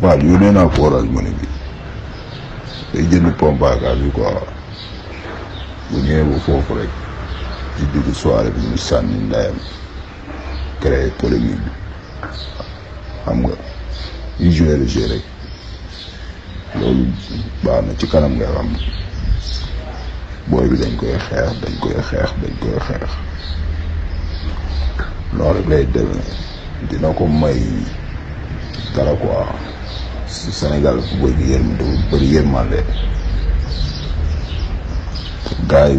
paal yónnee naa ko orange money bi day jënd pompaakaar bi quoi bu ñëwee bu foofu rek ci diggu soirée bi ñu sànni ndayam créé polémique bi xam nga ñu joué le loolu baax na ci kanam nga xam booy bi dañ koy xeex dañ koy xeex dañ koy xeex loolu rek lay demee dina ko may si dara quoi Sénégal bu bëri yërmande bu bëri yërmande gars yi